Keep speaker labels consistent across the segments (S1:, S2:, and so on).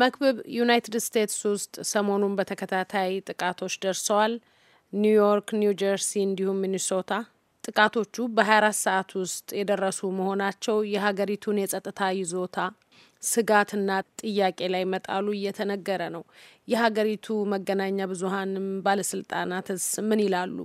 S1: መክብብ ዩናይትድ ስቴትስ ውስጥ ሰሞኑን በተከታታይ ጥቃቶች ደርሰዋል። ኒውዮርክ፣ ኒው ጀርሲ እንዲሁም ሚኒሶታ። ጥቃቶቹ በ24 ሰዓት ውስጥ የደረሱ መሆናቸው የሀገሪቱን የጸጥታ ይዞታ ስጋትና ጥያቄ ላይ መጣሉ እየተነገረ ነው። የሀገሪቱ መገናኛ ብዙሀንም ባለስልጣናትስ ምን ይላሉ?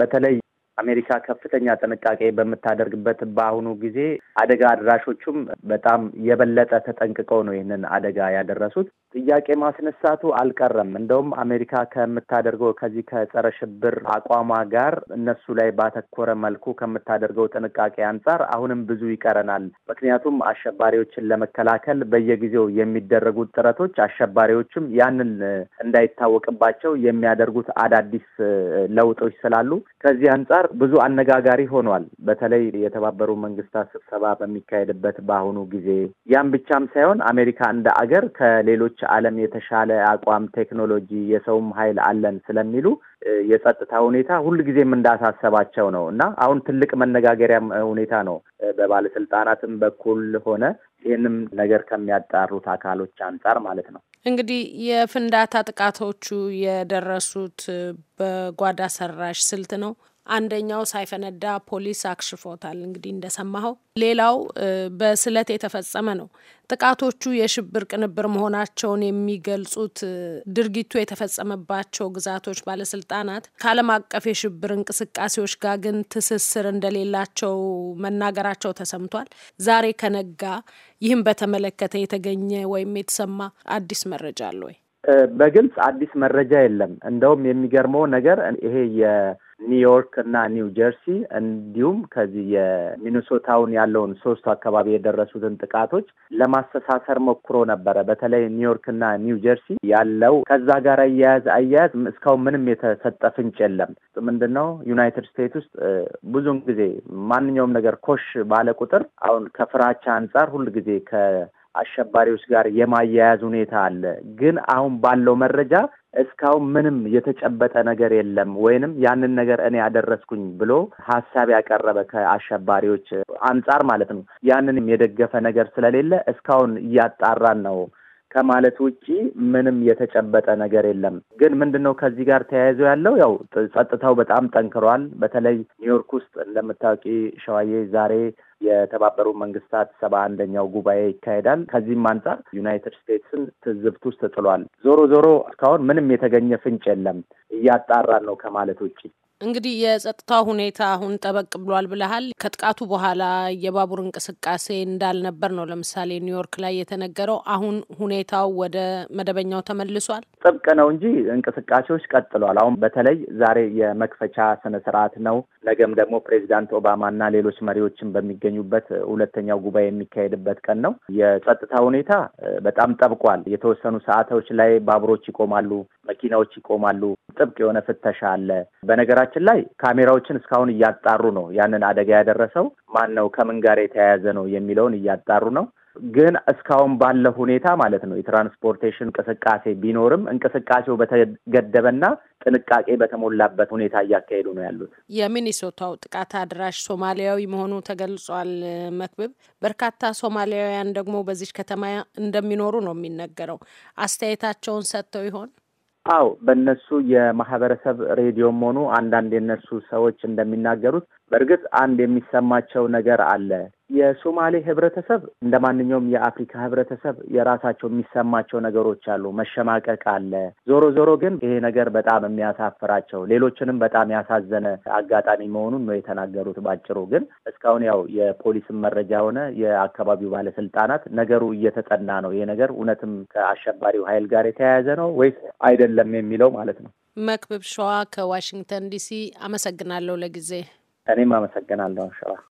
S2: በተለይ አሜሪካ ከፍተኛ ጥንቃቄ በምታደርግበት በአሁኑ ጊዜ አደጋ አድራሾቹም በጣም የበለጠ ተጠንቅቀው ነው ይህንን አደጋ ያደረሱት። ጥያቄ ማስነሳቱ አልቀረም። እንደውም አሜሪካ ከምታደርገው ከዚህ ከጸረ ሽብር አቋሟ ጋር እነሱ ላይ ባተኮረ መልኩ ከምታደርገው ጥንቃቄ አንጻር አሁንም ብዙ ይቀረናል። ምክንያቱም አሸባሪዎችን ለመከላከል በየጊዜው የሚደረጉት ጥረቶች አሸባሪዎችም ያንን እንዳይታወቅባቸው የሚያደርጉት አዳዲስ ለውጦች ስላሉ ከዚህ አንጻር ብዙ አነጋጋሪ ሆኗል። በተለይ የተባበሩ መንግስታት ስብሰባ በሚካሄድበት በአሁኑ ጊዜ ያም ብቻም ሳይሆን አሜሪካ እንደ አገር ከሌሎች ዓለም የተሻለ አቋም፣ ቴክኖሎጂ፣ የሰውም ኃይል አለን ስለሚሉ የጸጥታ ሁኔታ ሁልጊዜም እንዳሳሰባቸው ነው እና አሁን ትልቅ መነጋገሪያ ሁኔታ ነው በባለስልጣናትም በኩል ሆነ ይህንም ነገር ከሚያጣሩት አካሎች አንጻር ማለት ነው።
S1: እንግዲህ የፍንዳታ ጥቃቶቹ የደረሱት በጓዳ ሰራሽ ስልት ነው። አንደኛው ሳይፈነዳ ፖሊስ አክሽፎታል። እንግዲህ እንደሰማኸው ሌላው በስለት የተፈጸመ ነው። ጥቃቶቹ የሽብር ቅንብር መሆናቸውን የሚገልጹት ድርጊቱ የተፈጸመባቸው ግዛቶች ባለስልጣናት ከዓለም አቀፍ የሽብር እንቅስቃሴዎች ጋር ግን ትስስር እንደሌላቸው መናገራቸው ተሰምቷል። ዛሬ ከነጋ ይህም በተመለከተ የተገኘ ወይም የተሰማ አዲስ መረጃ አለ ወይ?
S2: በግልጽ አዲስ መረጃ የለም። እንደውም የሚገርመው ነገር ይሄ ኒውዮርክ እና ኒው ጀርሲ እንዲሁም ከዚህ የሚኒሶታውን ያለውን ሶስቱ አካባቢ የደረሱትን ጥቃቶች ለማስተሳሰር ሞክሮ ነበረ። በተለይ ኒውዮርክ እና ኒው ጀርሲ ያለው ከዛ ጋር አያያዝ አያያዝ እስካሁን ምንም የተሰጠ ፍንጭ የለም። ምንድን ነው ዩናይትድ ስቴትስ ውስጥ ብዙውን ጊዜ ማንኛውም ነገር ኮሽ ባለ ቁጥር አሁን ከፍራቻ አንጻር ሁል ጊዜ ከ አሸባሪዎች ጋር የማያያዝ ሁኔታ አለ። ግን አሁን ባለው መረጃ እስካሁን ምንም የተጨበጠ ነገር የለም። ወይንም ያንን ነገር እኔ ያደረስኩኝ ብሎ ሀሳብ ያቀረበ ከአሸባሪዎች አንጻር ማለት ነው። ያንንም የደገፈ ነገር ስለሌለ እስካሁን እያጣራን ነው ከማለት ውጪ ምንም የተጨበጠ ነገር የለም። ግን ምንድን ነው ከዚህ ጋር ተያይዞ ያለው ያው ጸጥታው በጣም ጠንክሯል። በተለይ ኒውዮርክ ውስጥ እንደምታውቂ ሸዋዬ ዛሬ የተባበሩ መንግስታት ሰባ አንደኛው ጉባኤ ይካሄዳል። ከዚህም አንጻር ዩናይትድ ስቴትስን ትዝብት ውስጥ ጥሏል። ዞሮ ዞሮ እስካሁን ምንም የተገኘ ፍንጭ የለም፣ እያጣራን ነው ከማለት ውጭ
S1: እንግዲህ የጸጥታ ሁኔታ አሁን ጠበቅ ብሏል ብለሃል። ከጥቃቱ በኋላ የባቡር እንቅስቃሴ እንዳልነበር ነው ለምሳሌ ኒውዮርክ ላይ የተነገረው። አሁን ሁኔታው ወደ መደበኛው ተመልሷል።
S2: ጥብቅ ነው እንጂ እንቅስቃሴዎች ቀጥሏል። አሁን በተለይ ዛሬ የመክፈቻ ስነ ስርዓት ነው። ነገም ደግሞ ፕሬዚዳንት ኦባማና ሌሎች መሪዎችን በሚገኙበት ሁለተኛው ጉባኤ የሚካሄድበት ቀን ነው። የጸጥታ ሁኔታ በጣም ጠብቋል። የተወሰኑ ሰዓቶች ላይ ባቡሮች ይቆማሉ፣ መኪናዎች ይቆማሉ። ጥብቅ የሆነ ፍተሻ አለ። በነገራችን ላይ ካሜራዎችን እስካሁን እያጣሩ ነው። ያንን አደጋ ያደረሰው ማን ነው፣ ከምን ጋር የተያያዘ ነው የሚለውን እያጣሩ ነው። ግን እስካሁን ባለው ሁኔታ ማለት ነው የትራንስፖርቴሽን እንቅስቃሴ ቢኖርም እንቅስቃሴው በተገደበና ጥንቃቄ በተሞላበት ሁኔታ እያካሄዱ ነው ያሉት።
S1: የሚኒሶታው ጥቃት አድራሽ ሶማሊያዊ መሆኑ ተገልጿል። መክብብ፣ በርካታ ሶማሊያውያን ደግሞ በዚች ከተማ እንደሚኖሩ ነው የሚነገረው። አስተያየታቸውን ሰጥተው ይሆን?
S2: አው በእነሱ የማህበረሰብ ሬዲዮም ሆኑ አንዳንድ የእነሱ ሰዎች እንደሚናገሩት በእርግጥ አንድ የሚሰማቸው ነገር አለ። የሶማሌ ህብረተሰብ እንደ ማንኛውም የአፍሪካ ህብረተሰብ የራሳቸው የሚሰማቸው ነገሮች አሉ። መሸማቀቅ አለ። ዞሮ ዞሮ ግን ይሄ ነገር በጣም የሚያሳፍራቸው ሌሎችንም በጣም ያሳዘነ አጋጣሚ መሆኑን ነው የተናገሩት። ባጭሩ ግን እስካሁን ያው የፖሊስን መረጃ ሆነ የአካባቢው ባለስልጣናት ነገሩ እየተጠና ነው። ይሄ ነገር እውነትም ከአሸባሪው ኃይል ጋር የተያያዘ ነው ወይስ አይደለም የሚለው ማለት ነው።
S1: መክብብ ሸዋ ከዋሽንግተን ዲሲ አመሰግናለሁ ለጊዜ እኔም
S2: አመሰግናለሁ። አንሸራ